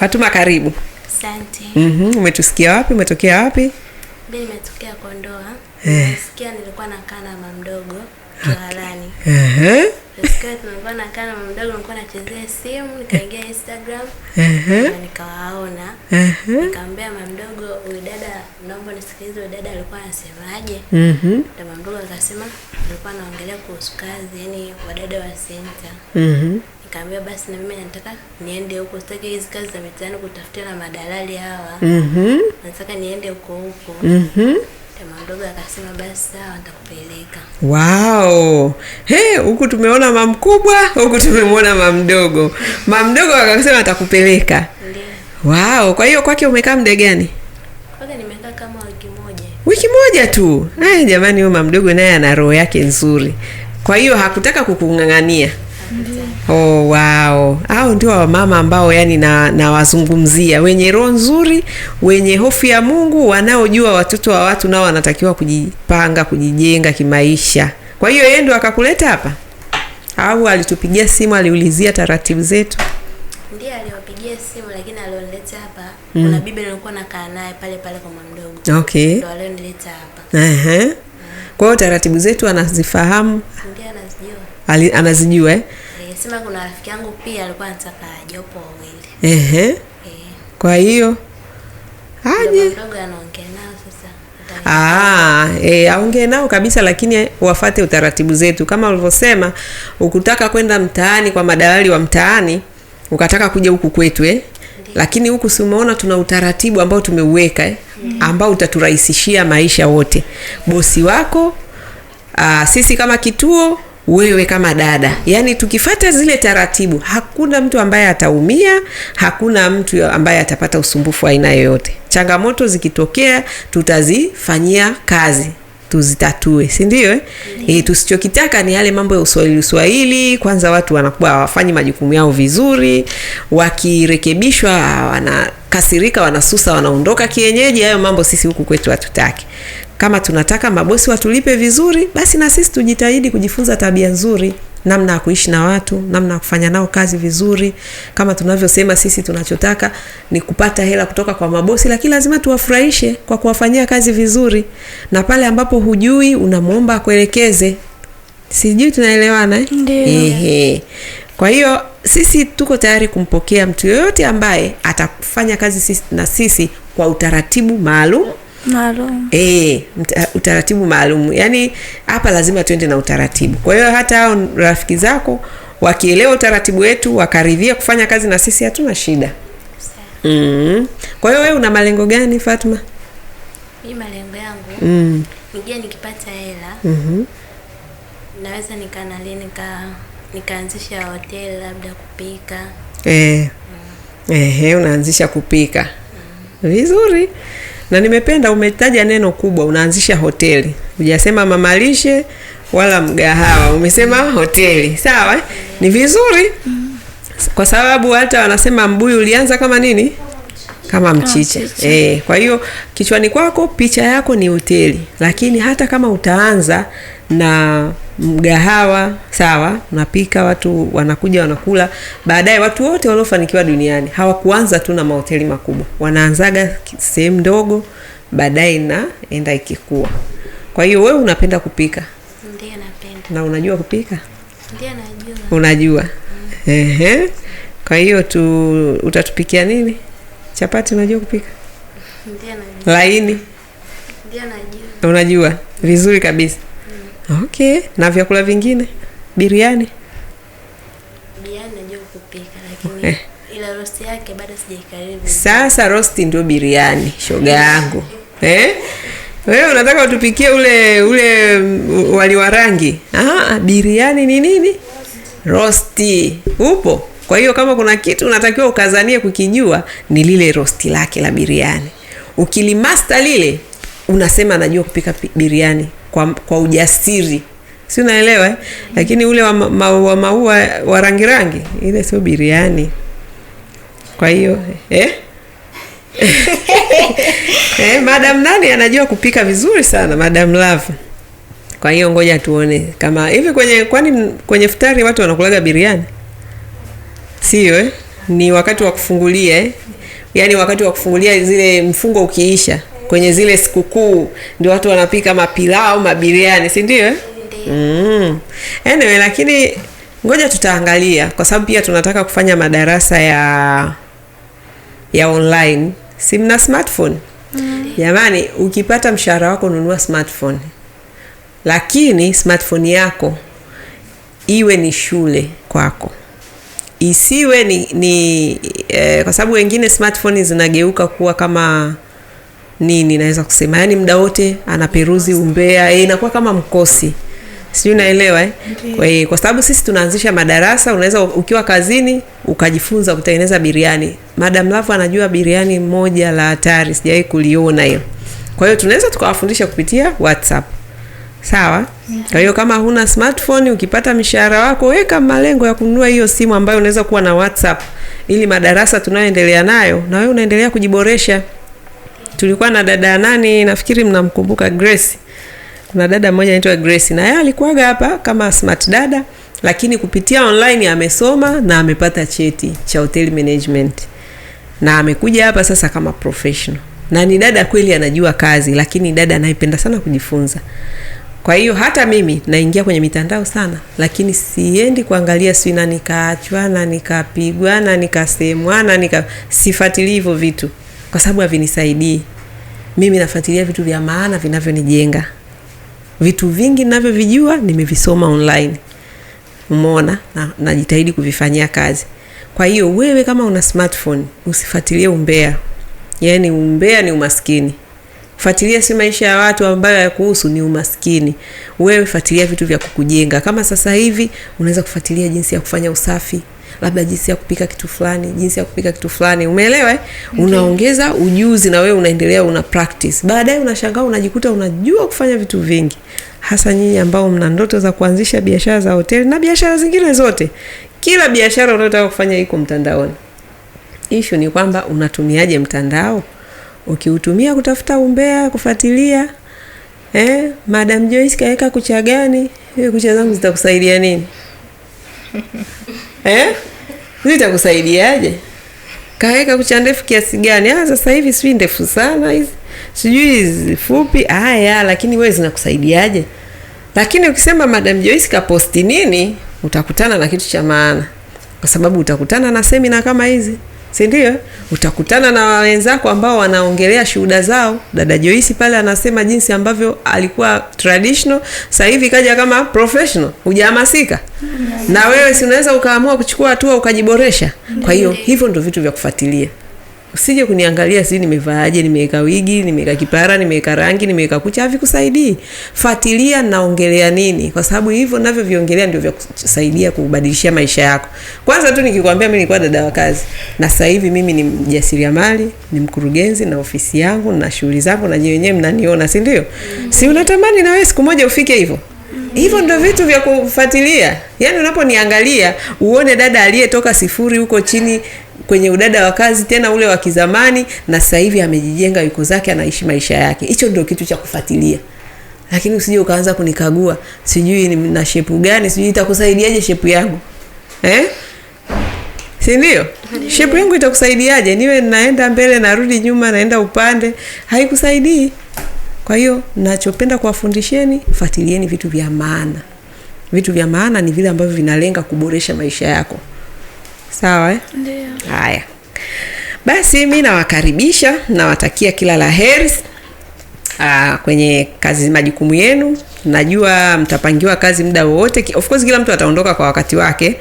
Fatuma, karibu. Asante. mm -hmm. Umetusikia wapi? Umetokea wapi? Mimi nimetokea Kondoa. Eh. Nisikia nilikuwa nakaa na mama mdogo Kihalani. Eh. Nisikia tulikuwa nakaa na mama mdogo nilikuwa nachezea simu, nikaingia Instagram. Eh. Nikawaona. Eh. Nikamwambia mama mdogo, huyu dada naomba nisikilize huyu dada alikuwa anasemaje? Mhm. Na mama mdogo akasema alikuwa anaongelea kuhusu kazi, yani wadada wa center. Mhm. Kaambia basi na mimi nataka niende huko, sitaki hizi kazi za mitaani kutafutia na madalali hawa. Mhm. Nataka niende huko huko. Mhm. Mdogo akasema basi sawa, nitakupeleka. Wow. Hey, huku tumeona mama mkubwa, huku tumemwona mama mdogo. akasema atakupeleka. Ndio. Wow, kwa hiyo kwake umekaa muda gani? Kwake nimekaa kama wiki moja. Wiki moja tu. Eh, jamani huyu mamdogo mdogo naye ana roho yake nzuri. Kwa hiyo hakutaka kukung'ang'ania. Oh, wow, hao ndio wamama ambao yani nawazungumzia, na wenye roho nzuri, wenye hofu ya Mungu, wanaojua watoto wa watu nao wanatakiwa kujipanga, kujijenga kimaisha. Kwa hiyo yeye ndio akakuleta hapa au alitupigia simu, aliulizia taratibu zetu? Ndiye aliwapigia simu, lakini alionileta hapa mm. kuna bibi nilikuwa nakaa naye pale pale kwa mdogo. Okay, ndio alionileta hapa. Ehe, kwa hiyo taratibu zetu anazifahamu. Ndiye anazijua eh? Sema kuna rafiki yangu pia alikuwa anataka jopo wawili. Ehe. Eh. Kwa hiyo aje ah, eh, aongee nao kabisa, lakini wafate utaratibu zetu kama ulivyosema. Ukutaka kwenda mtaani kwa madalali wa mtaani, ukataka kuja huku kwetu eh? Lakini huku si umeona tuna utaratibu ambao tumeuweka eh? Mm. ambao utaturahisishia maisha wote, bosi wako aa, ah, sisi kama kituo wewe kama dada. Yaani tukifata zile taratibu, hakuna mtu ambaye ataumia, hakuna mtu ambaye atapata usumbufu aina yoyote. Changamoto zikitokea, tutazifanyia kazi tuzitatue, si ndio? Eh, e, tusichokitaka ni yale mambo ya uswahili uswahili. Kwanza watu wanakuwa hawafanyi majukumu yao vizuri, wakirekebishwa wanakasirika, wanasusa, wanaondoka kienyeji. Hayo mambo sisi huku kwetu hatutaki. Kama tunataka mabosi watulipe vizuri, basi na sisi tujitahidi kujifunza tabia nzuri, namna ya kuishi na watu, namna ya kufanya nao kazi vizuri. Kama tunavyosema sisi, tunachotaka ni kupata hela kutoka kwa mabosi, lakini lazima tuwafurahishe kwa kuwafanyia kazi vizuri, na pale ambapo hujui unamwomba akuelekeze. Sijui tunaelewana eh? Kwa hiyo sisi tuko tayari kumpokea mtu yoyote ambaye atafanya kazi sisi, na sisi kwa utaratibu maalum E, utaratibu maalum, yaani hapa lazima tuende na utaratibu. Kwa hiyo hata hao rafiki zako wakielewa utaratibu wetu wakaridhia kufanya kazi na sisi, hatuna shida mm. Kwa hiyo wewe una malengo gani Fatma? Mimi malengo yangu mm. nijia nikipata hela mm -hmm. naweza nikanali nika nikaanzisha hoteli labda kupika e. mm. Ehe, unaanzisha kupika mm. vizuri na nimependa umetaja neno kubwa, unaanzisha hoteli, ujasema mamalishe wala mgahawa, umesema hoteli. Sawa, ni vizuri kwa sababu hata wanasema mbuyu ulianza kama nini? Kama mchicha. E, kwa hiyo kichwani kwako picha yako ni hoteli, lakini hata kama utaanza na mgahawa sawa, unapika, watu wanakuja wanakula. Baadaye watu wote waliofanikiwa duniani hawakuanza tu na mahoteli makubwa, wanaanzaga sehemu ndogo, baadaye inaenda ikikua. Kwa hiyo wewe unapenda kupika? Na unajua kupika? najua. Unajua? Mm. Ehe. Kwa hiyo tu utatupikia nini? Chapati unajua kupika? najua. Laini? najua. Unajua vizuri kabisa. Okay, na vyakula vingine? Biriani? Biriani najua kupika lakini eh, ila roast yake bado sijaikaribu. Sasa roast ndio biriani, shoga yangu. Eh? Wewe unataka utupikie ule ule wali wa rangi? Ah, biriani ni nini? Rosti. Upo? Kwa hiyo kama kuna kitu unatakiwa ukazanie kukijua ni lile rosti lake la biriani. Ukilimaster lile unasema najua kupika biriani kwa, kwa ujasiri si unaelewa eh? lakini ule wa maua maua wa rangi rangi ile sio biriani kwa hiyo eh? eh, madam nani anajua kupika vizuri sana madam love kwa hiyo ngoja tuone kama hivi kwenye kwani kwenye futari watu wanakulaga biriani sio eh? ni wakati wa kufungulia eh? yaani wakati wa kufungulia zile mfungo ukiisha kwenye zile sikukuu ndio watu wanapika mapilau mabiriani, si eh? ndio? Mm. Anyway, lakini ngoja tutaangalia kwa sababu pia tunataka kufanya madarasa ya ya online. Si mna smartphone? Mm. Jamani, ukipata mshahara wako nunua smartphone, lakini smartphone yako iwe ni shule kwako, isiwe ni, ni eh, kwa sababu wengine smartphone zinageuka kuwa kama nini naweza kusema, yaani muda wote anaperuzi umbea, e, inakuwa kama mkosi sijui naelewa eh? Kwa, kwa sababu sisi tunaanzisha madarasa, unaweza ukiwa kazini ukajifunza kutengeneza biriani. Madam Love anajua biriani moja la hatari, sijawai kuliona hiyo Kwa hiyo tunaweza tukawafundisha kupitia WhatsApp, sawa. Kwa hiyo kama huna smartphone, ukipata mshahara wako weka malengo ya kununua hiyo simu ambayo unaweza kuwa na WhatsApp, ili madarasa tunayoendelea nayo na wewe unaendelea kujiboresha tulikuwa na dada nani, nafikiri mnamkumbuka Grace. Kuna dada mmoja anaitwa Grace, na yeye alikuwaga hapa kama smart dada, lakini kupitia online amesoma na amepata cheti cha hotel management na amekuja hapa sasa kama professional, na ni dada kweli anajua kazi, lakini dada anayependa sana kujifunza. Kwa hiyo hata mimi naingia kwenye mitandao sana, lakini siendi kuangalia si nani kaachwa na nikapigwa na nikasemwa na nika sifuatilii hivyo vitu kwa sababu havinisaidii. Mimi nafuatilia vitu vya maana vinavyonijenga. Vitu vingi ninavyovijua nimevisoma online, umeona, na najitahidi kuvifanyia kazi. Kwa hiyo wewe kama una smartphone usifuatilie umbea, yaani umbea ni umaskini. Fuatilia si maisha ya watu ambayo hayakuhusu, ni umaskini. Wewe fuatilia vitu vya kukujenga. Kama sasa hivi unaweza kufuatilia jinsi ya kufanya usafi labda jinsi ya kupika kitu fulani, jinsi ya kupika kitu fulani, umeelewa? Eh? Okay. Unaongeza ujuzi na wewe unaendelea una practice, baadaye unashangaa unajikuta unajua kufanya vitu vingi, hasa nyinyi ambao mna ndoto za kuanzisha biashara za hoteli na biashara zingine zote. Kila biashara unayotaka kufanya iko mtandaoni. Ishu ni kwamba unatumiaje mtandao? Ukiutumia kutafuta umbea, kufuatilia eh, Madam Joyce kaweka kucha gani? kucha zangu zitakusaidia nini? eh? itakusaidiaje Kaweka kucha ndefu kiasi gani? Ah, sasa hivi sijui ndefu sana hizi, sijui fupi. Haya, lakini wewe zinakusaidiaje? Lakini ukisema Madam Joyce kaposti nini, utakutana na kitu cha maana, kwa sababu utakutana na semina kama hizi si ndio? Utakutana na wenzako ambao wanaongelea shuhuda zao. Dada joisi pale anasema jinsi ambavyo alikuwa traditional, sasa hivi kaja kama professional. Hujahamasika? na wewe si unaweza ukaamua kuchukua hatua ukajiboresha. Kwa hiyo hivyo ndio vitu vya kufuatilia usije kuniangalia si nimevaaje, nimeweka wigi, nimeweka kipara, nimeweka rangi, nimeweka kucha, havikusaidii. Fuatilia naongelea nini, kwa sababu hivyo navyoviongelea ndio vya kusaidia kubadilishia maisha yako. Kwanza tu nikikwambia, mimi nilikuwa dada wa kazi na sasa hivi mimi ni mjasiriamali, ni mkurugenzi na ofisi yangu na shughuli zangu, na nyinyi wenyewe mnaniona, si ndio? mm-hmm. Si unatamani na wewe siku moja ufike hivyo? Hivyo ndo vitu vya kufuatilia. Yaani unaponiangalia uone dada aliyetoka sifuri huko chini kwenye udada wa kazi tena ule wa kizamani, na sasa hivi amejijenga, yuko zake, anaishi maisha yake. Hicho ndio kitu cha kufuatilia, lakini usije ukaanza kunikagua, sijui ni na shepu gani, sijui itakusaidiaje shepu yangu eh? si ndio? Shepu yangu itakusaidiaje? niwe naenda mbele, narudi nyuma, naenda upande, haikusaidii. Kwa hiyo nachopenda kuwafundisheni, fuatilieni vitu vya maana. Vitu vya maana ni vile ambavyo vinalenga kuboresha maisha yako. Sawa eh? Ndio. Haya basi, mi nawakaribisha, nawatakia kila la heri Aa, ah, kwenye kazi majukumu yenu. Najua mtapangiwa kazi muda wowote. Of course kila mtu ataondoka kwa wakati wake,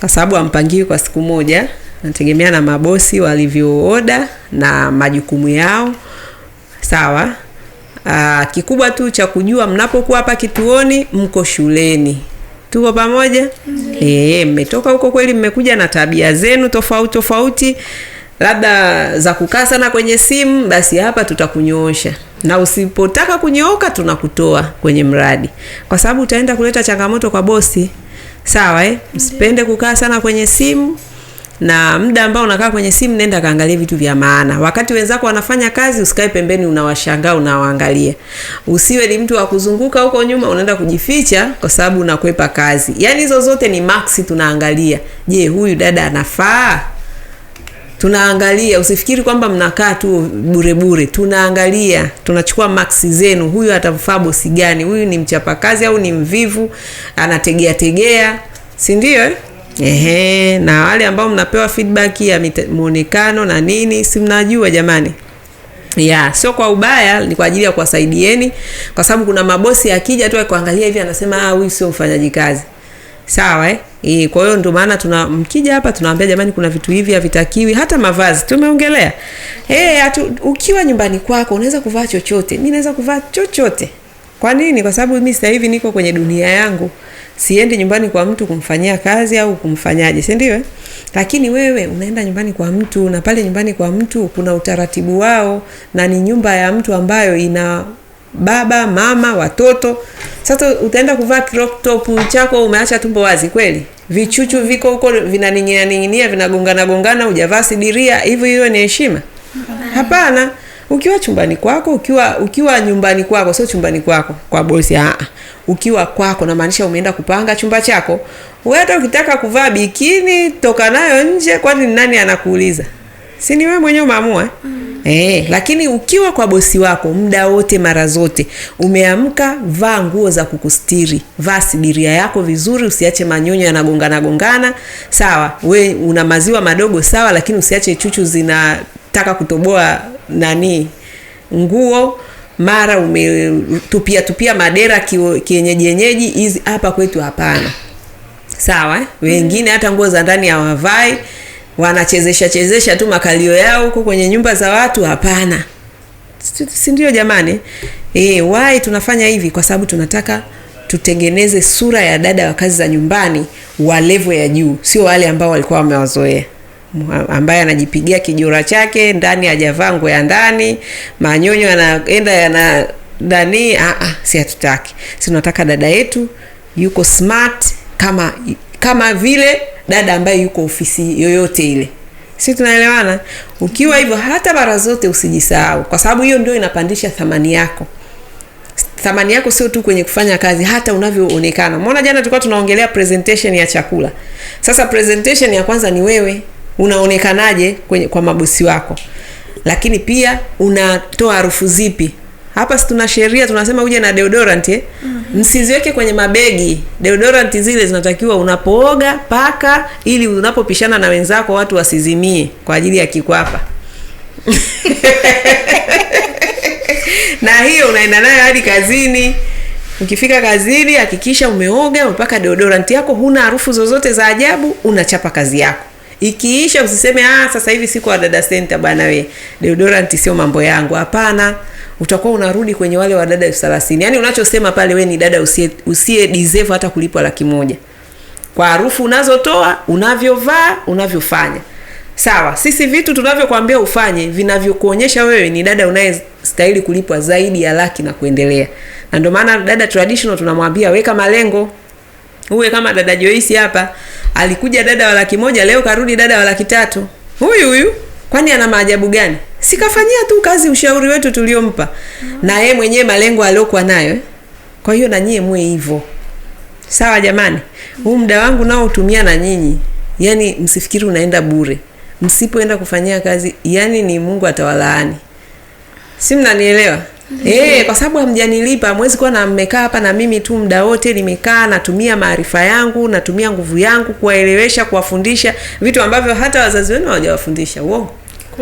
kwa sababu ampangiwi kwa siku moja, nategemea na mabosi walivyooda na majukumu yao. Sawa. Aa, ah, kikubwa tu cha kujua mnapokuwa hapa kituoni mko shuleni. Tuko pamoja? Eh, mmetoka huko kweli, mmekuja na tabia zenu tofauti tofauti, labda za kukaa sana kwenye simu, basi hapa tutakunyoosha, na usipotaka kunyooka tunakutoa kwenye mradi, kwa sababu utaenda kuleta changamoto kwa bosi. Sawa eh? Msipende kukaa sana kwenye simu na muda ambao unakaa kwenye simu, nenda kaangalie vitu vya maana. Wakati wenzako wanafanya kazi, usikae pembeni unawashangaa unawaangalia. Usiwe ni mtu wa kuzunguka huko nyuma, unaenda kujificha kwa sababu unakwepa kazi. Yaani hizo zote ni max tunaangalia. Je, huyu dada anafaa? Tunaangalia, usifikiri kwamba mnakaa tu bure bure. Tunaangalia, tunachukua maksi zenu. Huyu atamfaa bosi gani? Huyu ni mchapakazi au ni mvivu, anategea tegea, si ndio? Eh? Ehe, na wale ambao mnapewa feedback ya muonekano na nini, si mnajua jamani ya sio kwa ubaya, ni kwa ajili ya kuwasaidieni, kwa sababu kuna mabosi akija tu akuangalia hivi anasema ah, huyu sio mfanyaji kazi sawa eh? E, kwa hiyo ndio maana tuna mkija hapa tunawaambia jamani, kuna vitu hivi havitakiwi. Hata mavazi tumeongelea. E, atu, ukiwa nyumbani kwako unaweza kuvaa chochote, mi naweza kuvaa chochote kwa nini? Kwa sababu mimi sasa hivi niko kwenye dunia yangu, siendi nyumbani kwa mtu kumfanyia kazi au kumfanyaje, si ndio? Eh? Lakini wewe unaenda nyumbani kwa mtu, na pale nyumbani kwa mtu kuna utaratibu wao, na ni nyumba ya mtu ambayo ina baba, mama, watoto. Sasa utaenda kuvaa crop top chako, umeacha tumbo wazi kweli? Vichuchu viko huko vinaning'inia ning'inia, vinagongana gongana, hujavaa sidiria, hivyo hiyo ni heshima? Hapana ukiwa chumbani kwako, ukiwa ukiwa nyumbani kwako, sio chumbani kwako kwa bosi. Ah, ukiwa kwako, namaanisha umeenda kupanga chumba chako wewe. Hata ukitaka kuvaa bikini, toka nayo nje, kwani nani anakuuliza? Si ni wewe mwenyewe umeamua eh? mm. Eh, lakini ukiwa kwa bosi wako muda wote, mara zote, umeamka, vaa nguo za kukustiri, vaa sibiria yako vizuri, usiache manyonyo yanagongana gongana. Sawa, we una maziwa madogo, sawa, lakini usiache chuchu zina taka kutoboa nani nguo mara umetupia tupia madera kienyeji yenyeji, hizi hapa kwetu hapana. Sawa eh? Wengine hata nguo za ndani hawavai, wanachezesha chezesha tu makalio yao huko kwenye nyumba za watu. Hapana, si ndio? Jamani eh, why tunafanya hivi? Kwa sababu tunataka tutengeneze sura ya dada wa kazi za nyumbani wa levo ya juu, sio wale ambao walikuwa wamewazoea ambaye anajipigia kijura chake ndani, hajavaa nguo ya ndani, manyonyo yanaenda yana dani. Ah, ah, si hatutaki, si tunataka dada yetu yuko smart kama kama vile dada ambaye yuko ofisi yoyote ile. Si tunaelewana? Ukiwa hivyo, hata mara zote usijisahau, kwa sababu hiyo ndio inapandisha thamani yako. Thamani yako sio tu kwenye kufanya kazi, hata unavyoonekana. Umeona jana tulikuwa tunaongelea presentation ya chakula. Sasa presentation ya kwanza ni wewe unaonekanaje kwenye kwa mabosi wako, lakini pia unatoa harufu zipi. Hapa si tuna sheria tunasema uje na deodorant eh? mm -hmm. Msiziweke kwenye mabegi deodorant, zile zinatakiwa unapooga paka, ili unapopishana na wenzako watu wasizimie kwa ajili ya kikwapa na hiyo unaenda nayo hadi kazini. Ukifika kazini, hakikisha umeoga, umepaka deodorant yako, huna harufu zozote za ajabu, unachapa kazi yako. Ikiisha usiseme ah, sasa hivi siko Wadada senta bwana we deodorant sio mambo yangu. Hapana, utakuwa unarudi kwenye wale wadada elfu thelathini. Yani unachosema pale, we ni dada usie, usie deserve hata kulipwa laki moja kwa harufu unazotoa, unavyovaa, unavyofanya. Sawa, sisi vitu tunavyokuambia ufanye vinavyokuonyesha wewe ni dada unayestahili kulipwa zaidi ya laki na kuendelea, na ndio maana dada traditional tunamwambia weka malengo. Huyu kama dada Joyce hapa alikuja dada wa laki moja, leo karudi dada wa laki tatu. Huyu huyu kwani ana maajabu gani? Sikafanyia tu kazi ushauri wetu tuliompa mm -hmm. na yeye mwenyewe malengo aliyokuwa nayo. Eh? Kwa hiyo na nyie mwe hivyo. Sawa jamani. Huu muda wangu nao utumia na nyinyi. Yaani msifikiri unaenda bure. Msipoenda kufanyia kazi, yani ni Mungu atawalaani. Si mnanielewa? Eh, kwa sababu hamjanilipa, mwezi kuwa na mmekaa hapa na mimi tu muda wote. Nimekaa natumia maarifa yangu, natumia nguvu yangu kuwaelewesha, kuwafundisha vitu ambavyo hata wazazi wenu hawajawafundisha. Uongo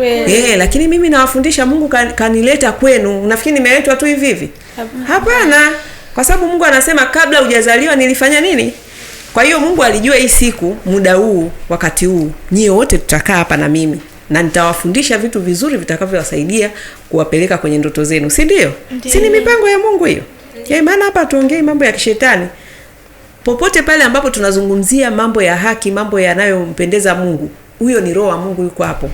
Eh, lakini mimi nawafundisha. Mungu kan, kanileta kwenu. Unafikiri nimeletwa tu hivi hivi? Hapana, kwa sababu Mungu anasema kabla hujazaliwa nilifanya nini? Kwa hiyo Mungu alijua hii siku, muda huu, wakati huu, nyie wote tutakaa hapa na mimi na nitawafundisha vitu vizuri vitakavyowasaidia kuwapeleka kwenye ndoto zenu, si ndio? Si ni mipango ya Mungu hiyo? Maana hapa tuongee mambo ya kishetani popote pale ambapo tunazungumzia mambo ya haki, mambo yanayompendeza Mungu, huyo ni roho wa Mungu yuko hapo.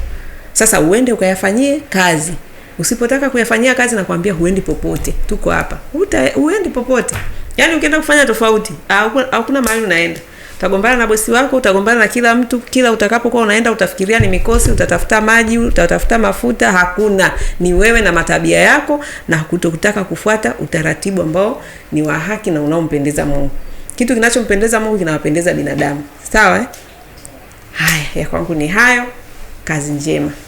Sasa uende ukayafanyie kazi. Usipotaka kuyafanyia kazi, nakwambia huendi popote. Tuko hapa, Uta, uendi popote. Yaani ukienda kufanya tofauti, hakuna mahali unaenda utagombana na bosi wako, utagombana na kila mtu. Kila utakapokuwa unaenda utafikiria ni mikosi, utatafuta maji, utatafuta mafuta. Hakuna, ni wewe na matabia yako na kutokutaka kufuata utaratibu ambao ni wa haki na unaompendeza Mungu. Kitu kinachompendeza Mungu kinawapendeza binadamu, sawa eh? Haya, ya kwangu ni hayo. Kazi njema.